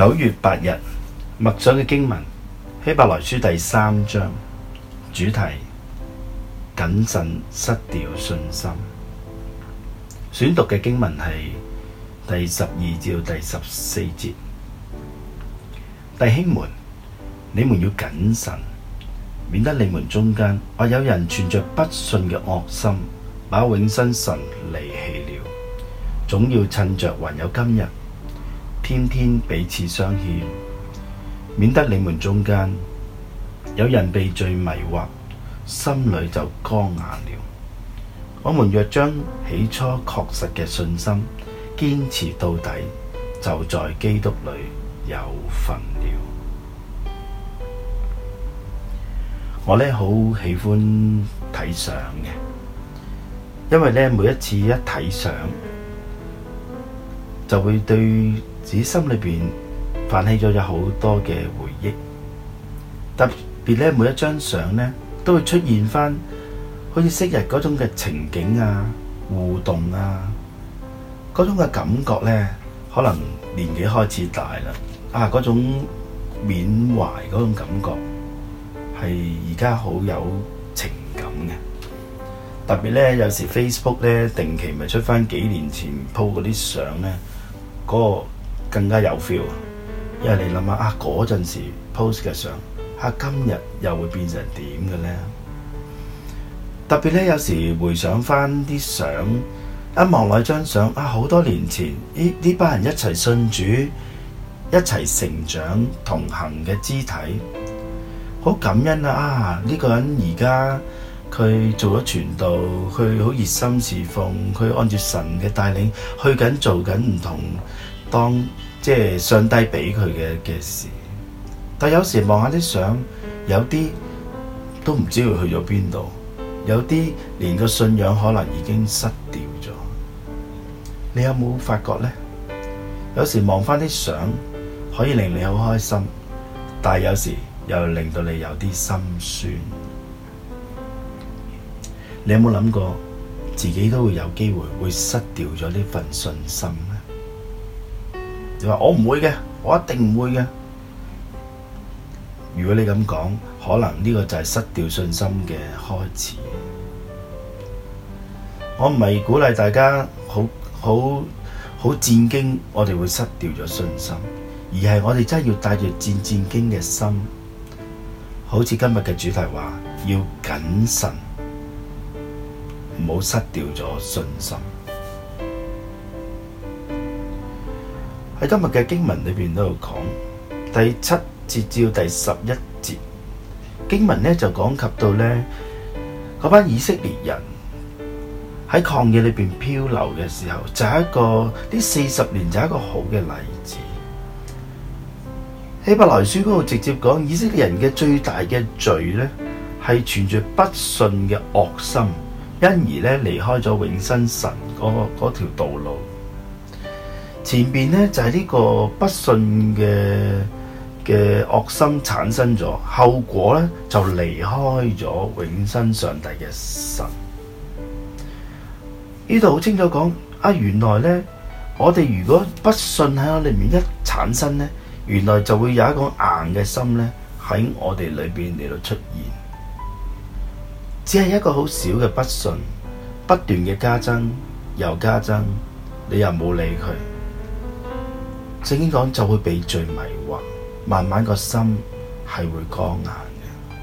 九月八日默想嘅經文《希伯來書》第三章，主題，謹慎失掉信心。選讀嘅經文係第十二至第十四節。弟兄們，你們要謹慎，免得你們中間或有人存着不信嘅惡心，把永生神離棄了，總要趁着還有今日。天天彼此相勸，免得你們中間有人被罪迷惑，心裏就剛硬了。我們若將起初確實嘅信心堅持到底，就在基督裏有份了。我呢，好喜歡睇相嘅，因為呢，每一次一睇相，就會對。自己心裏邊泛起咗有好多嘅回憶，特別咧每一張相咧都會出現翻，好似昔日嗰種嘅情景啊、互動啊，嗰種嘅感覺咧，可能年紀開始大啦，啊嗰種緬懷嗰種感覺，係而家好有情感嘅。特別咧有時 Facebook 咧定期咪出翻幾年前 po 嗰啲相咧，嗰、嗰個更加有 feel，因為你諗下啊，嗰陣時 post 嘅相，啊今日又會變成點嘅呢？特別咧，有時回想翻啲相，啊、一望落張相啊，好多年前呢呢班人一齊信主，一齊成長同行嘅肢體，好感恩啊！啊呢、呢個人而家佢做咗傳道，佢好熱心侍奉，佢按住神嘅帶領去緊做緊唔同。當即係上帝俾佢嘅嘅事，但有時望下啲相，有啲都唔知佢去咗邊度，有啲連個信仰可能已經失掉咗。你有冇發覺呢？有時望翻啲相可以令你好開心，但係有時又令到你有啲心酸。你有冇諗過自己都會有機會會失掉咗呢份信心呢？你話我唔會嘅，我一定唔會嘅。如果你咁講，可能呢個就係失掉信心嘅開始。我唔係鼓勵大家好好好戰驚，我哋會失掉咗信心，而係我哋真係要帶住戰戰驚嘅心，好似今日嘅主題話，要謹慎，唔好失掉咗信心。喺今日嘅經文裏邊都有講，第七節至到第十一節經文咧就講及到咧嗰班以色列人喺曠野裏邊漂流嘅時候，就係、一個呢四十年就係一個好嘅例子。希伯來書嗰度直接講以色列人嘅最大嘅罪咧，係存著不信嘅惡心，因而咧離開咗永生神嗰嗰條道路。前邊呢，就係呢個不信嘅嘅惡心產生咗，後果呢，就離開咗永生上帝嘅神。呢度好清楚講啊，原來呢，我哋如果不信喺我裏面一產生呢，原來就會有一個硬嘅心呢，喺我哋裏邊嚟到出現。只係一個好小嘅不信，不斷嘅加增又加增，你又冇理佢。正經講就會被罪迷惑，慢慢個心係會剛硬嘅。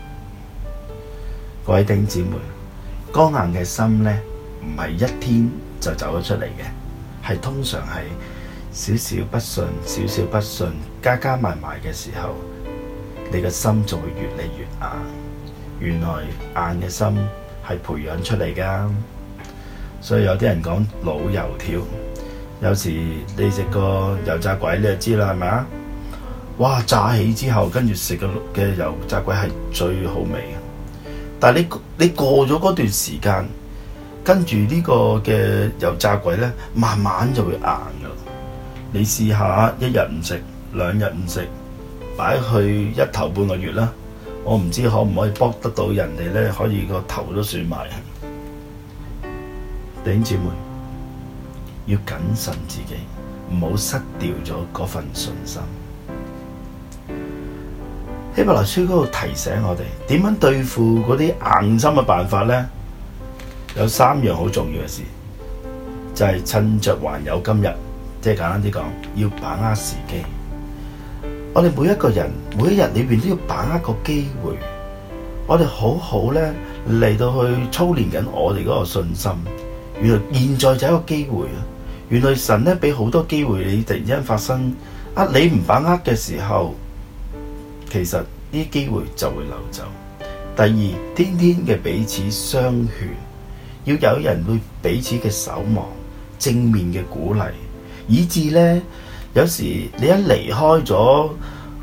各位弟兄姊妹，剛硬嘅心咧唔係一天就走咗出嚟嘅，係通常係少少不信，少少不信加加埋埋嘅時候，你個心就會越嚟越硬。原來硬嘅心係培養出嚟噶，所以有啲人講老油條。有時你食個油炸鬼，你就知啦，係咪啊？哇！炸起之後，跟住食個嘅油炸鬼係最好味嘅。但係你你過咗嗰段時間，跟住呢個嘅油炸鬼咧，慢慢就會硬噶。你試下一日唔食，兩日唔食，擺去一頭半個月啦。我唔知可唔可以幫得到人哋咧，可以個頭都算埋。弟兄姐妹，要謹慎自己，唔好失掉咗嗰份信心。希伯來書嗰度提醒我哋點樣對付嗰啲硬心嘅辦法咧，有三樣好重要嘅事，就係、是、趁着還有今日，即、就、係、是、簡單啲講，要把握時機。我哋每一個人每一日裏邊都要把握個機會，我哋好好咧嚟到去操練緊我哋嗰個信心。原來現在就係一個機會啊！原來神咧俾好多機會、啊，你突然之間發生呃，你唔把握嘅時候，其實啲機會就會流走。第二，天天嘅彼此相勸，要有人會彼此嘅守望、正面嘅鼓勵，以至呢，有時你一離開咗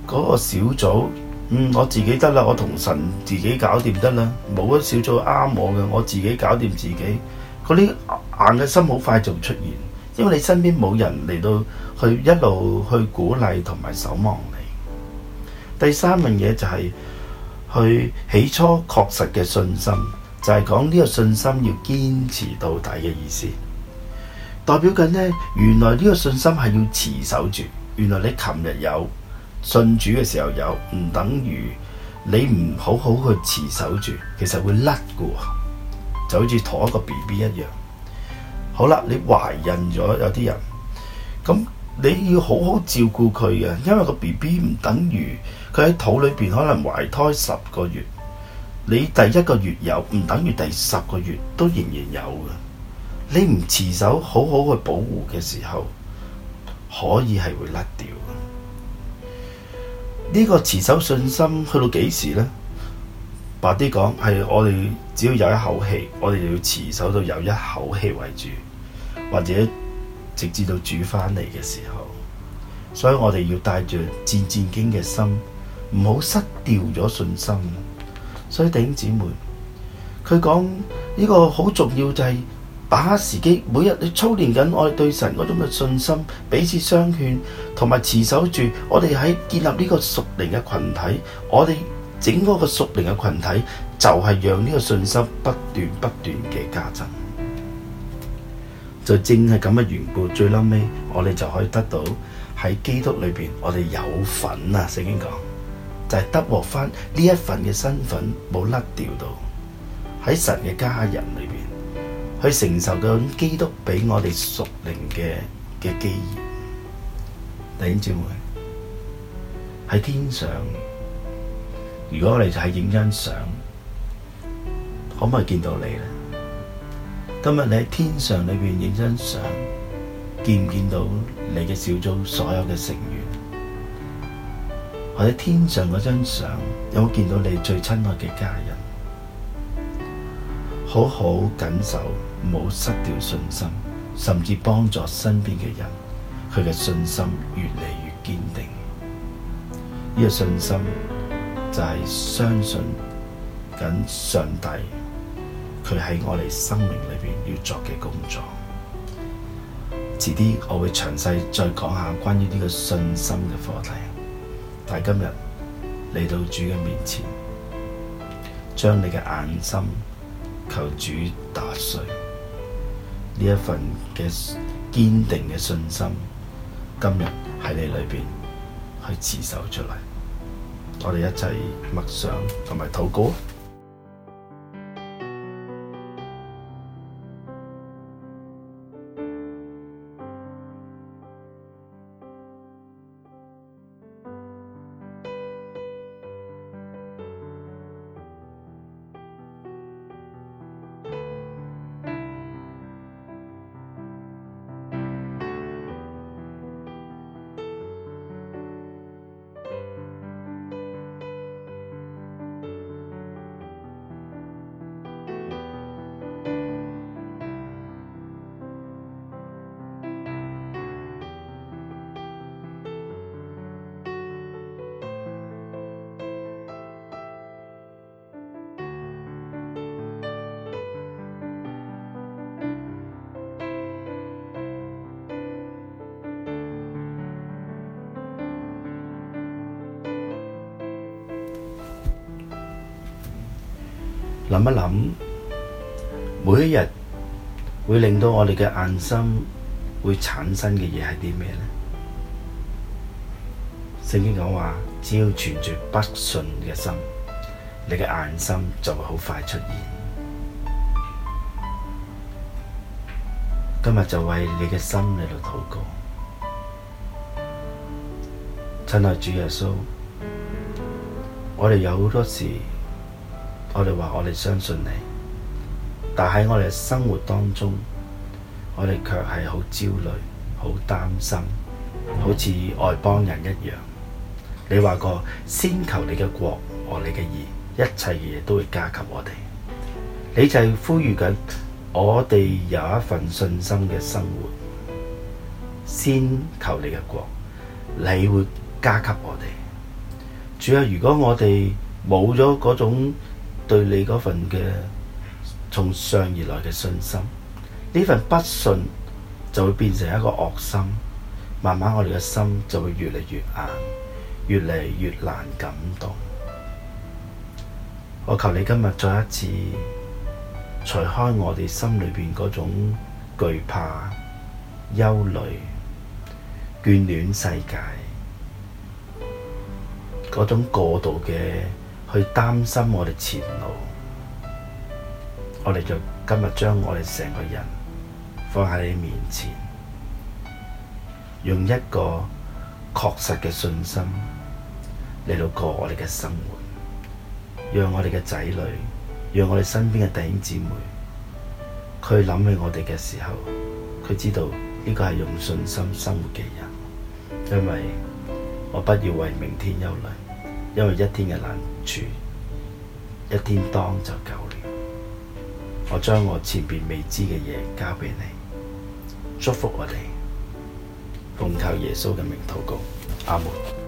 嗰個小組，嗯，我自己得啦，我同神自己搞掂得啦，冇咗小組啱我嘅，我自己搞掂自己，嗰啲硬嘅心好快就出現。因為你身邊冇人嚟到去一路去鼓勵同埋守望你。第三樣嘢就係、是、去起初確實嘅信心，就係講呢個信心要堅持到底嘅意思。代表緊呢，原來呢個信心係要持守住。原來你琴日有信主嘅時候有，唔等於你唔好好去持守住，其實會甩嘅，就好似陀一個 B B 一樣。好啦，你懷孕咗有啲人，咁你要好好照顧佢嘅，因為個 BB 唔等於佢喺肚裏邊可能懷胎十個月，你第一個月有唔等於第十個月都仍然有嘅。你唔持守好好去保護嘅時候，可以係會甩掉。呢、這個持守信心去到幾時呢？白啲講，係我哋只要有一口氣，我哋就要持守到有一口氣為主，或者直至到主返嚟嘅時候，所以我哋要帶着戰戰兢嘅心，唔好失掉咗信心。所以弟兄姊妹，佢講呢個好重要就係把握時機，每日你操練緊我哋對神嗰種嘅信心，彼此相勸，同埋持守住我哋喺建立呢個屬靈嘅群體，我哋。.整個個屬靈嘅群體就係、是、讓呢個信心不斷不斷嘅加增，就正係咁嘅緣故，最嬲尾我哋就可以得到喺基督裏邊，我哋有份啊！聖經講就係、是、得獲翻呢一份嘅身份，冇甩掉到喺神嘅家人裏邊去承受咁基督俾我哋屬靈嘅嘅基業。弟兄姊妹，喺天上。如果我哋係影張相，可唔可以見到你咧？今日你喺天上裏邊影張相，見唔見到你嘅小組所有嘅成員？或者天上嗰張相有冇見到你最親愛嘅家人？好好緊守，冇失掉信心，甚至幫助身邊嘅人，佢嘅信心越嚟越堅定。呢個信心。就係相信緊上帝，佢喺我哋生命裏邊要做嘅工作。遲啲我會詳細再講下關於呢個信心嘅課題。但係今日嚟到主嘅面前，將你嘅眼心求主打碎，呢一份嘅堅定嘅信心，今日喺你裏邊去持守出嚟。我哋一齊默想同埋禱告。諗一諗，每一日會令到我哋嘅硬心會產生嘅嘢係啲咩咧？聖經講話，只要存住不信嘅心，你嘅硬心就會好快出現。今日就為你嘅心嚟到禱告，親愛主耶穌，我哋有好多時。我哋話我哋相信你，但喺我哋生活當中，我哋却係好焦慮、好擔心，好似外邦人一樣。你話過先求你嘅國我哋嘅義，一切嘅嘢都會加給我哋。你就係呼籲緊，我哋有一份信心嘅生活，先求你嘅國，你會加給我哋。主要如果我哋冇咗嗰種，對你嗰份嘅從上而來嘅信心，呢份不信就會變成一個惡心，慢慢我哋嘅心就會越嚟越硬，越嚟越難感動。我求你今日再一次除開我哋心裏邊嗰種懼怕、憂慮、眷戀世界嗰種過度嘅。去擔心我哋前路，我哋就今日將我哋成個人放喺你面前，用一個確實嘅信心嚟到過我哋嘅生活，讓我哋嘅仔女，讓我哋身邊嘅弟兄姊妹，佢諗起我哋嘅時候，佢知道呢個係用信心生活嘅人，因為我不要為明天憂慮。因為一天嘅難處，一天當就夠了。我將我前面未知嘅嘢交俾你，祝福我哋，奉靠耶穌嘅名禱告，阿門。